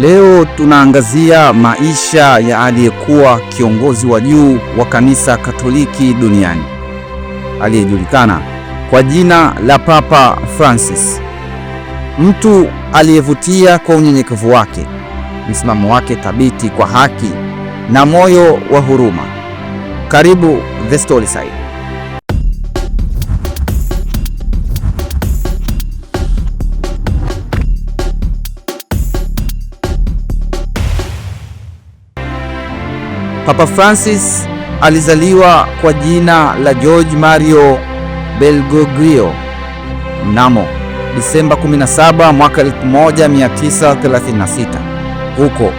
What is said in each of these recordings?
Leo tunaangazia maisha ya aliyekuwa kiongozi wa juu wa kanisa Katoliki duniani aliyejulikana kwa jina la Papa Francis, mtu aliyevutia kwa unyenyekevu wake, msimamo wake thabiti kwa haki na moyo wa huruma. Karibu The Storyside. Papa Francis alizaliwa kwa jina la George Mario Bergoglio mnamo Disemba 17 mwaka 1936 huko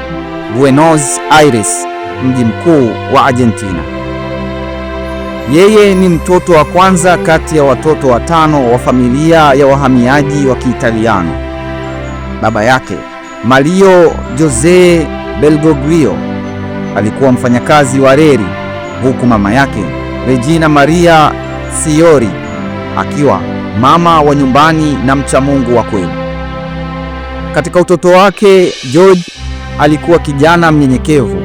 Buenos Aires, mji mkuu wa Argentina. Yeye ni mtoto wa kwanza kati ya watoto watano wa familia ya wahamiaji wa Kiitaliano. Baba yake Mario Jose Bergoglio alikuwa mfanyakazi wa reli, huku mama yake Regina Maria Siori akiwa mama wa nyumbani na mcha Mungu wa kweli. Katika utoto wake, George alikuwa kijana mnyenyekevu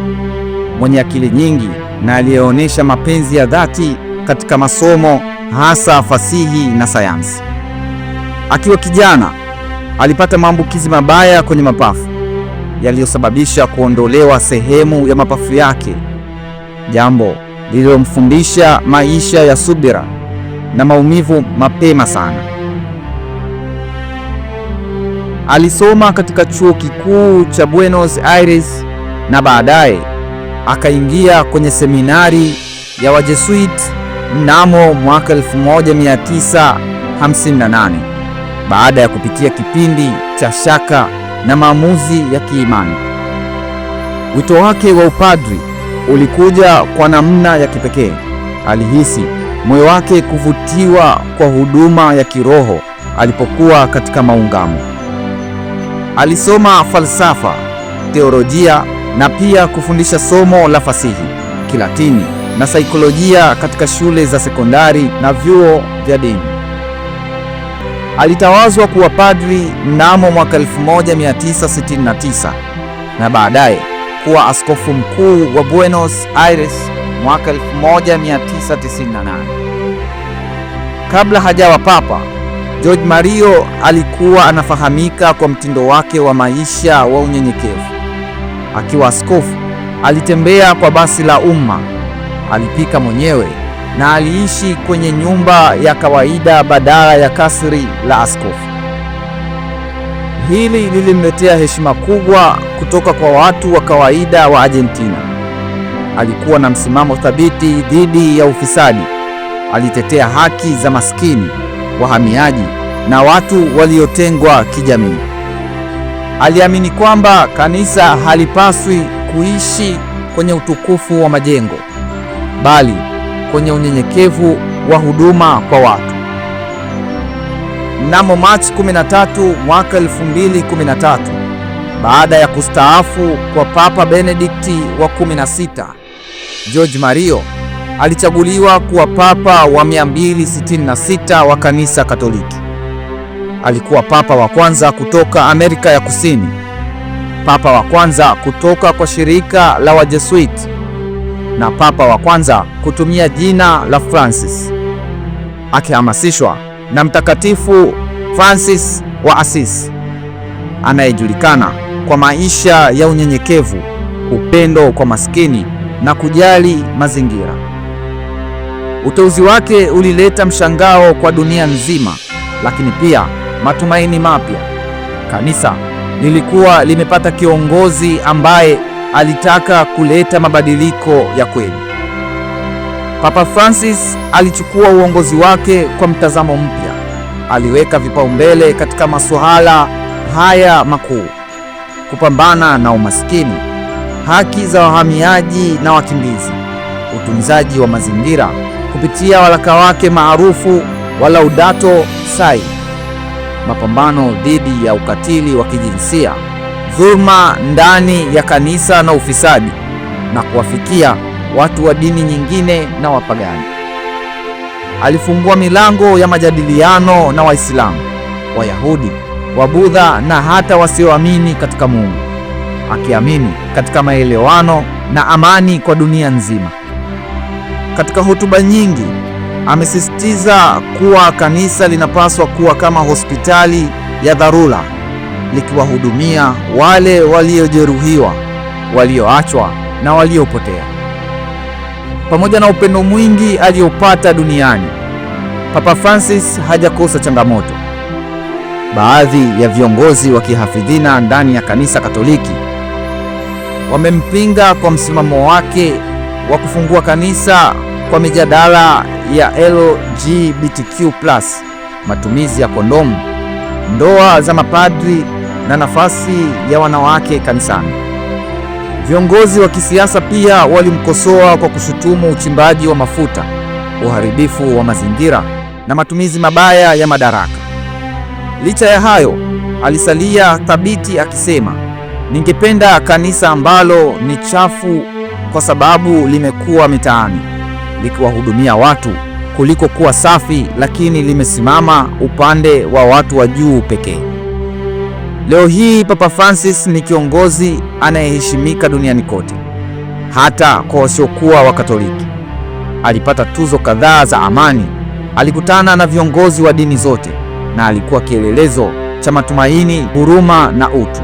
mwenye akili nyingi na aliyeonyesha mapenzi ya dhati katika masomo, hasa fasihi na sayansi. Akiwa kijana alipata maambukizi mabaya kwenye mapafu yaliyosababisha kuondolewa sehemu ya mapafu yake, jambo lililomfundisha maisha ya subira na maumivu mapema sana. Alisoma katika chuo kikuu cha Buenos Aires na baadaye akaingia kwenye seminari ya Wajesuit mnamo mwaka 1958 baada ya kupitia kipindi cha shaka na maamuzi ya kiimani. Wito wake wa upadri ulikuja kwa namna ya kipekee. Alihisi moyo wake kuvutiwa kwa huduma ya kiroho alipokuwa katika maungamo. Alisoma falsafa, teolojia na pia kufundisha somo la fasihi, Kilatini na saikolojia katika shule za sekondari na vyuo vya dini. Alitawazwa kuwa padri mnamo mwaka 1969 na baadaye kuwa askofu mkuu wa Buenos Aires mwaka 1998. Kabla hajawa papa, George Mario alikuwa anafahamika kwa mtindo wake wa maisha wa unyenyekevu. Akiwa askofu, alitembea kwa basi la umma, alipika mwenyewe na aliishi kwenye nyumba ya kawaida badala ya kasri la askofu. Hili lilimletea heshima kubwa kutoka kwa watu wa kawaida wa Argentina. Alikuwa na msimamo thabiti dhidi ya ufisadi. Alitetea haki za maskini, wahamiaji na watu waliotengwa kijamii. Aliamini kwamba kanisa halipaswi kuishi kwenye utukufu wa majengo, bali kwenye unyenyekevu wa huduma kwa watu. Mnamo Machi 13 mwaka 2013, baada ya kustaafu kwa Papa Benedikti wa 16, George Mario alichaguliwa kuwa papa wa 266 wa Kanisa Katoliki. Alikuwa papa wa kwanza kutoka Amerika ya Kusini, papa wa kwanza kutoka kwa shirika la Wajesuiti na papa wa kwanza kutumia jina la Francis, akihamasishwa na Mtakatifu Francis wa Assisi anayejulikana kwa maisha ya unyenyekevu, upendo kwa maskini na kujali mazingira. Uteuzi wake ulileta mshangao kwa dunia nzima, lakini pia matumaini mapya. Kanisa lilikuwa limepata kiongozi ambaye alitaka kuleta mabadiliko ya kweli. Papa Francis alichukua uongozi wake kwa mtazamo mpya. Aliweka vipaumbele katika masuala haya makuu: kupambana na umaskini, haki za wahamiaji na wakimbizi, utunzaji wa mazingira kupitia waraka wake maarufu Laudato Si, mapambano dhidi ya ukatili wa kijinsia dhulma ndani ya kanisa na ufisadi na kuwafikia watu wa dini nyingine na wapagani. Alifungua milango ya majadiliano na Waislamu, Wayahudi, Wabudha na hata wasioamini katika Mungu, akiamini katika maelewano na amani kwa dunia nzima. Katika hotuba nyingi amesisitiza kuwa kanisa linapaswa kuwa kama hospitali ya dharura likiwahudumia wale waliojeruhiwa, walioachwa na waliopotea. Pamoja na upendo mwingi aliopata duniani, Papa Francis hajakosa changamoto. Baadhi ya viongozi wa kihafidhina ndani ya Kanisa Katoliki wamempinga kwa msimamo wake wa kufungua kanisa kwa mijadala ya LGBTQ+, matumizi ya kondomu, ndoa za mapadri na nafasi ya wanawake kanisani. Viongozi wa kisiasa pia walimkosoa kwa kushutumu uchimbaji wa mafuta, uharibifu wa mazingira na matumizi mabaya ya madaraka. Licha ya hayo, alisalia thabiti akisema, ningependa kanisa ambalo ni chafu kwa sababu limekuwa mitaani likiwahudumia watu kuliko kuwa safi lakini limesimama upande wa watu wa juu pekee. Leo hii Papa Francis ni kiongozi anayeheshimika duniani kote, hata kwa wasiokuwa wa Katoliki. Alipata tuzo kadhaa za amani, alikutana na viongozi wa dini zote, na alikuwa kielelezo cha matumaini, huruma na utu.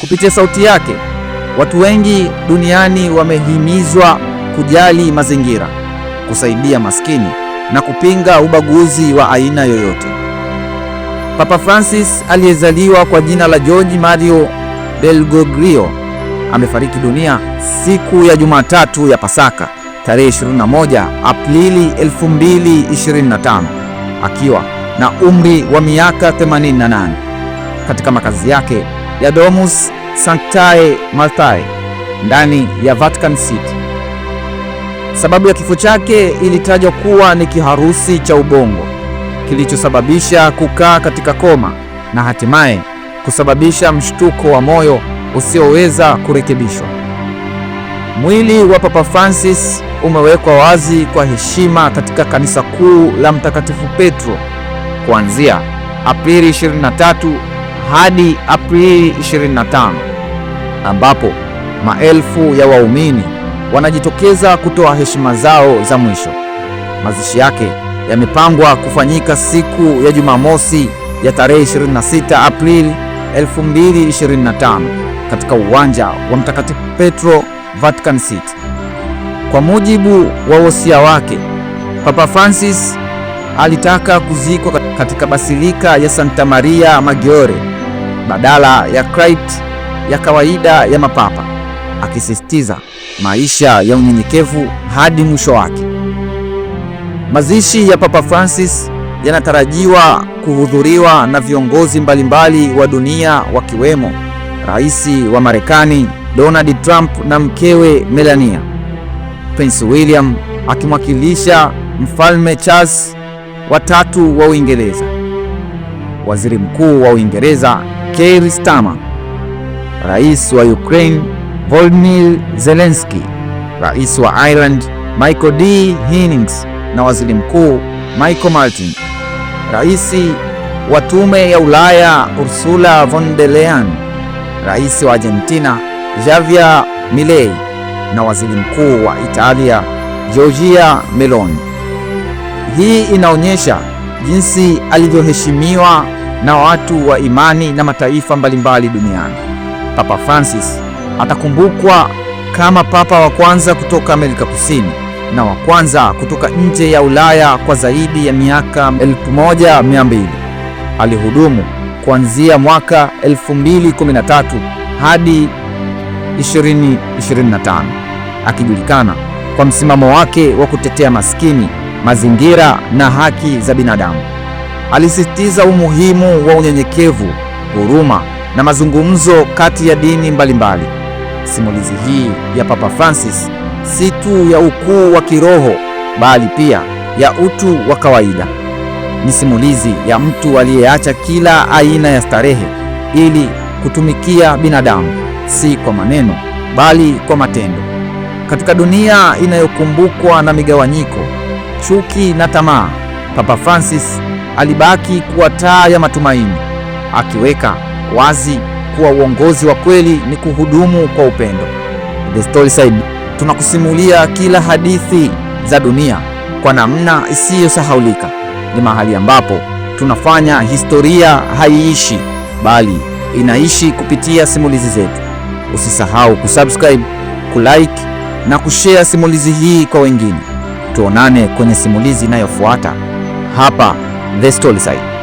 Kupitia sauti yake, watu wengi duniani wamehimizwa kujali mazingira, kusaidia maskini na kupinga ubaguzi wa aina yoyote. Papa Francis aliyezaliwa kwa jina la George Mario Bergoglio amefariki dunia siku ya Jumatatu ya Pasaka tarehe 21 Aprili 2025 akiwa na umri wa miaka 88 katika makazi yake ya Domus Sanctae martae ndani ya Vatican City. Sababu ya kifo chake ilitajwa kuwa ni kiharusi cha ubongo kilichosababisha kukaa katika koma na hatimaye kusababisha mshtuko wa moyo usioweza kurekebishwa. Mwili wa Papa Francis umewekwa wazi kwa heshima katika kanisa kuu la Mtakatifu Petro kuanzia Aprili 23 hadi Aprili 25 ambapo maelfu ya waumini wanajitokeza kutoa heshima zao za mwisho. Mazishi yake yamepangwa kufanyika siku ya Jumamosi ya tarehe 26 Aprili 2025 katika uwanja wa Mtakatifu Petro, Vatican City. Kwa mujibu wa wosia wake, Papa Francis alitaka kuzikwa katika basilika ya Santa Maria Maggiore badala ya crypt ya kawaida ya mapapa, akisisitiza maisha ya unyenyekevu hadi mwisho wake. Mazishi ya Papa Francis yanatarajiwa kuhudhuriwa na viongozi mbalimbali wa dunia wakiwemo Rais wa Marekani Donald Trump na mkewe Melania. Prince William akimwakilisha Mfalme Charles wa tatu wa Uingereza, Waziri Mkuu wa Uingereza Keir Starmer, Rais wa Ukraine Volodymyr Zelensky, Rais wa Ireland Michael D. Higgins na Waziri Mkuu Michael Martin. Rais wa Tume ya Ulaya Ursula von der Leyen, Rais wa Argentina Javier Milei na Waziri Mkuu wa Italia Giorgia Meloni. Hii inaonyesha jinsi alivyoheshimiwa na watu wa imani na mataifa mbalimbali duniani. Papa Francis atakumbukwa kama papa wa kwanza kutoka Amerika Kusini na wa kwanza kutoka nje ya Ulaya kwa zaidi ya miaka 1200. Alihudumu kuanzia mwaka 2013 hadi 2025, akijulikana kwa msimamo wake wa kutetea maskini, mazingira na haki za binadamu. Alisisitiza umuhimu wa unyenyekevu, huruma na mazungumzo kati ya dini mbalimbali. Simulizi hii ya Papa Francis si tu ya ukuu wa kiroho bali pia ya utu wa kawaida. Ni simulizi ya mtu aliyeacha kila aina ya starehe ili kutumikia binadamu, si kwa maneno bali kwa matendo. Katika dunia inayokumbukwa na migawanyiko, chuki na tamaa, Papa Francis alibaki kuwa taa ya matumaini, akiweka wazi kuwa uongozi wa kweli ni kuhudumu kwa upendo. The Storyside tunakusimulia kila hadithi za dunia kwa namna isiyosahaulika. Ni mahali ambapo tunafanya historia haiishi, bali inaishi kupitia simulizi zetu. Usisahau kusubscribe, kulike na kushare simulizi hii kwa wengine. Tuonane kwenye simulizi inayofuata hapa The Storyside.